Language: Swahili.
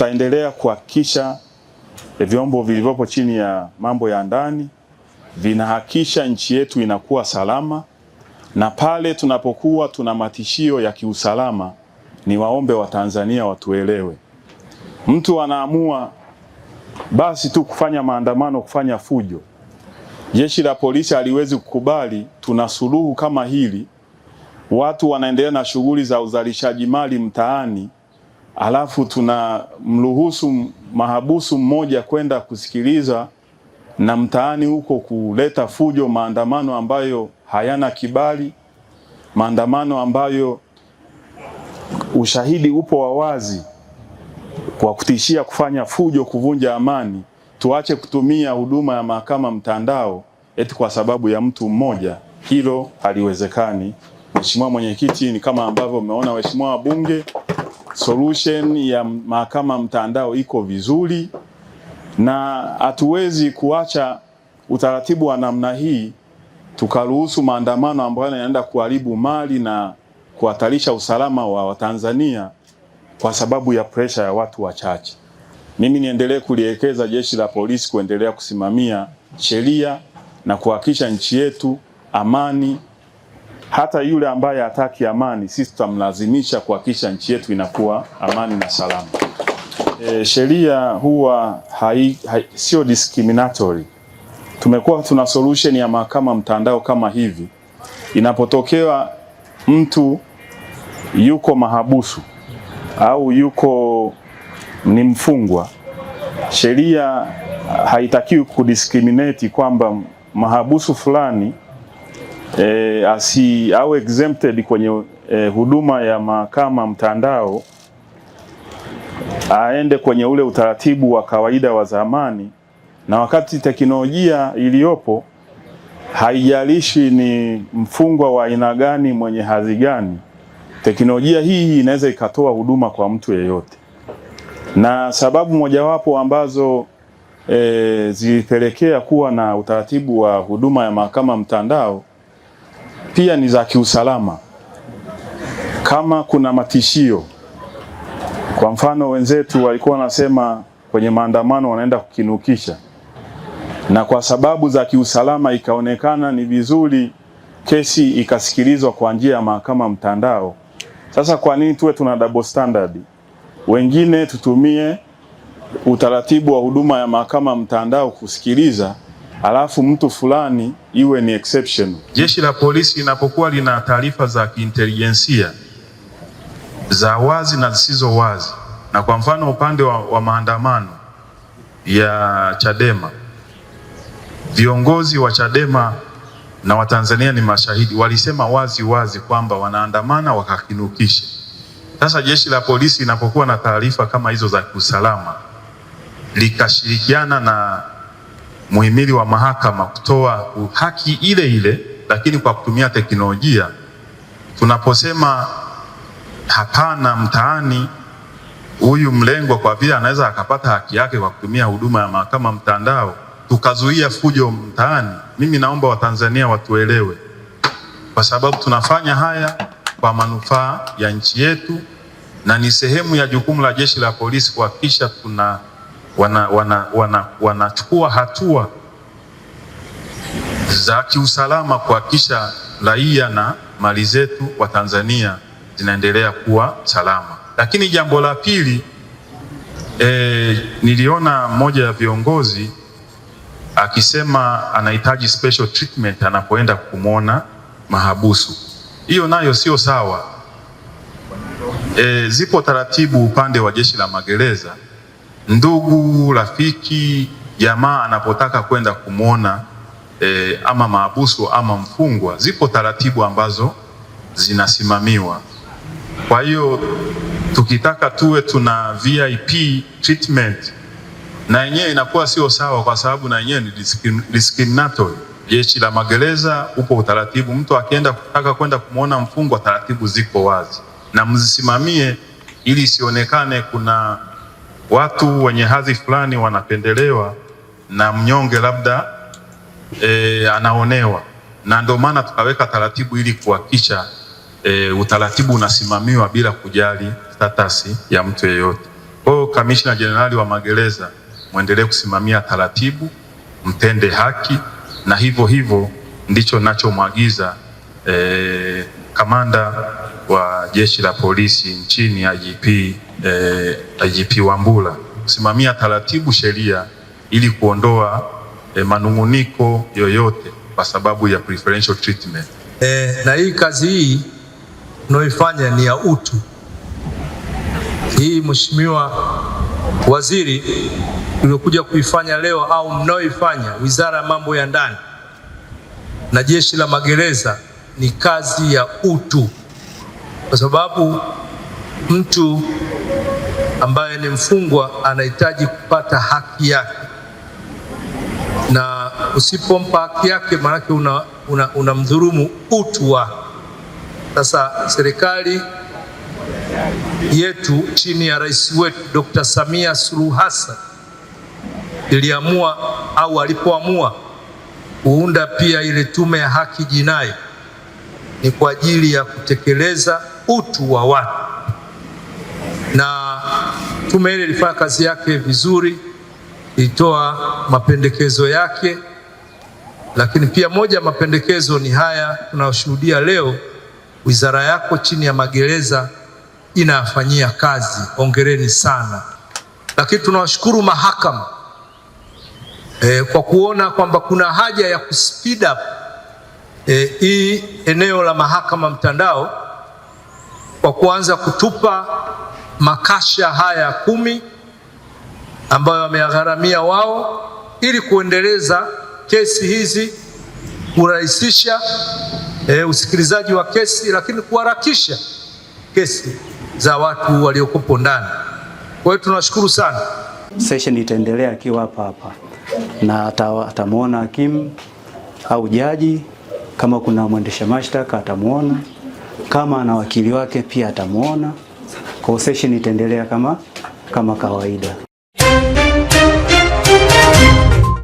tutaendelea kuhakikisha eh, vyombo vilivyopo chini ya mambo ya ndani vinahakisha nchi yetu inakuwa salama, na pale tunapokuwa tuna matishio ya kiusalama, ni waombe Watanzania watuelewe. Mtu anaamua basi tu kufanya maandamano, kufanya fujo. Jeshi la polisi haliwezi kukubali. Tuna suluhu kama hili, watu wanaendelea na shughuli za uzalishaji mali mtaani alafu tuna mruhusu mahabusu mmoja kwenda kusikiliza na mtaani huko kuleta fujo, maandamano ambayo hayana kibali, maandamano ambayo ushahidi upo wa wazi kwa kutishia kufanya fujo, kuvunja amani. Tuache kutumia huduma ya mahakama mtandao eti kwa sababu ya mtu mmoja, hilo haliwezekani. Mheshimiwa Mwenyekiti, ni kama ambavyo umeona waheshimiwa wabunge solution ya mahakama mtandao iko vizuri, na hatuwezi kuacha utaratibu wa namna hii tukaruhusu maandamano ambayo yanaenda kuharibu mali na kuhatarisha usalama wa Watanzania kwa sababu ya presha ya watu wachache. Mimi niendelee kulielekeza jeshi la polisi kuendelea kusimamia sheria na kuhakikisha nchi yetu amani hata yule ambaye hataki amani, sisi tutamlazimisha kuhakikisha nchi yetu inakuwa amani na salama. E, sheria huwa hai, hai, sio discriminatory. Tumekuwa tuna solution ya mahakama mtandao kama hivi, inapotokea mtu yuko mahabusu au yuko ni mfungwa, sheria haitakiwi kudiscriminate kwamba mahabusu fulani e, asi au exempted kwenye e, huduma ya mahakama mtandao, aende kwenye ule utaratibu wa kawaida wa zamani, na wakati teknolojia iliyopo haijalishi ni mfungwa wa aina gani, mwenye hadhi gani, teknolojia hii inaweza ikatoa huduma kwa mtu yeyote, na sababu mojawapo ambazo e, zilipelekea kuwa na utaratibu wa huduma ya mahakama mtandao pia ni za kiusalama. Kama kuna matishio, kwa mfano wenzetu walikuwa wanasema kwenye maandamano wanaenda kukinukisha, na kwa sababu za kiusalama ikaonekana ni vizuri kesi ikasikilizwa kwa njia ya mahakama mtandao. Sasa kwa nini tuwe tuna double standard? Wengine tutumie utaratibu wa huduma ya mahakama mtandao kusikiliza alafu mtu fulani iwe ni exception. Jeshi la polisi linapokuwa lina taarifa za kiintelijensia za wazi na zisizo wazi, na kwa mfano upande wa, wa maandamano ya Chadema, viongozi wa Chadema na Watanzania ni mashahidi, walisema wazi wazi kwamba wanaandamana wakakinukisha. Sasa jeshi la polisi linapokuwa na taarifa kama hizo za kiusalama likashirikiana na muhimili wa mahakama kutoa haki ile ile, lakini kwa kutumia teknolojia. Tunaposema hapana mtaani, huyu mlengwa kwa vile anaweza akapata haki yake kwa kutumia huduma ya mahakama mtandao, tukazuia fujo mtaani. Mimi naomba Watanzania watuelewe, kwa sababu tunafanya haya kwa manufaa ya nchi yetu na ni sehemu ya jukumu la Jeshi la Polisi kuhakikisha tuna wanachukua wana, wana, wana hatua za kiusalama kuhakikisha raia na mali zetu wa Tanzania zinaendelea kuwa salama. Lakini jambo la pili e, niliona mmoja ya viongozi akisema anahitaji special treatment anapoenda kumwona mahabusu. Hiyo nayo sio sawa. E, zipo taratibu upande wa jeshi la magereza ndugu, rafiki, jamaa anapotaka kwenda kumwona e, eh, ama maabusu ama mfungwa, zipo taratibu ambazo zinasimamiwa. Kwa hiyo tukitaka tuwe tuna VIP treatment na yenyewe inakuwa sio sawa, kwa sababu na yenyewe ni discriminatory. Jeshi la magereza upo utaratibu, mtu akienda kutaka kwenda kumwona mfungwa, taratibu ziko wazi na mzisimamie, ili isionekane kuna watu wenye hadhi fulani wanapendelewa na mnyonge labda e, anaonewa, na ndio maana tukaweka taratibu ili kuhakikisha e, utaratibu unasimamiwa bila kujali statasi ya mtu yeyote. Kwa hiyo Kamishna Jenerali wa Magereza, mwendelee kusimamia taratibu, mtende haki, na hivyo hivyo ndicho nachomwagiza e, kamanda wa jeshi la polisi nchini IGP eh, IGP Wambura kusimamia taratibu sheria ili kuondoa eh, manunguniko yoyote kwa sababu ya preferential treatment. Eh, na hii kazi hii unayoifanya ni ya utu. Hii Mheshimiwa Waziri uliokuja kuifanya leo au mnaoifanya Wizara ya Mambo ya Ndani na Jeshi la Magereza ni kazi ya utu, kwa sababu mtu ambaye ni mfungwa anahitaji kupata haki yake, na usipompa haki yake, maanake unamdhulumu una, una utu wake. Sasa serikali yetu chini ya rais wetu Dr. Samia Suluhu Hassan iliamua au alipoamua kuunda pia ile tume ya haki jinai, ni kwa ajili ya kutekeleza utu wa watu na tume ile ilifanya kazi yake vizuri, ilitoa mapendekezo yake, lakini pia moja ya mapendekezo ni haya tunayoshuhudia leo. Wizara yako chini ya magereza inayafanyia kazi, ongereni sana. Lakini tunawashukuru mahakama e, kwa kuona kwamba kuna haja ya kuspeed up e, hii e, eneo la mahakama mtandao kwa kuanza kutupa makasha haya kumi ambayo wameyagharamia wao ili kuendeleza kesi hizi, kurahisisha e, usikilizaji wa kesi, lakini kuharakisha kesi za watu waliokupo ndani. Kwa hiyo tunashukuru sana. Session itaendelea akiwa hapa hapa na atamwona hakimu au jaji. Kama kuna mwendesha mashtaka atamwona, kama ana wakili wake pia atamwona kwa session itaendelea kama, kama kawaida.